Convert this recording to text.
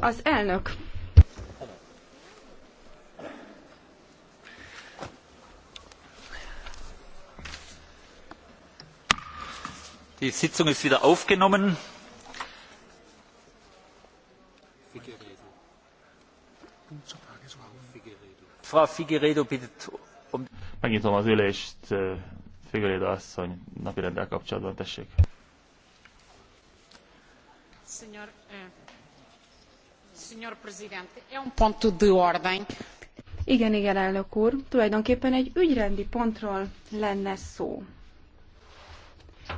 Az elnök. Die Sitzung ist wieder aufgenommen. Frau Figueredo bittet um... Megnyitom az ülést Figueredo asszony napirenddel kapcsolatban, tessék. Eh, um igen, igen, elnök úr. Tulajdonképpen egy ügyrendi pontról lenne szó.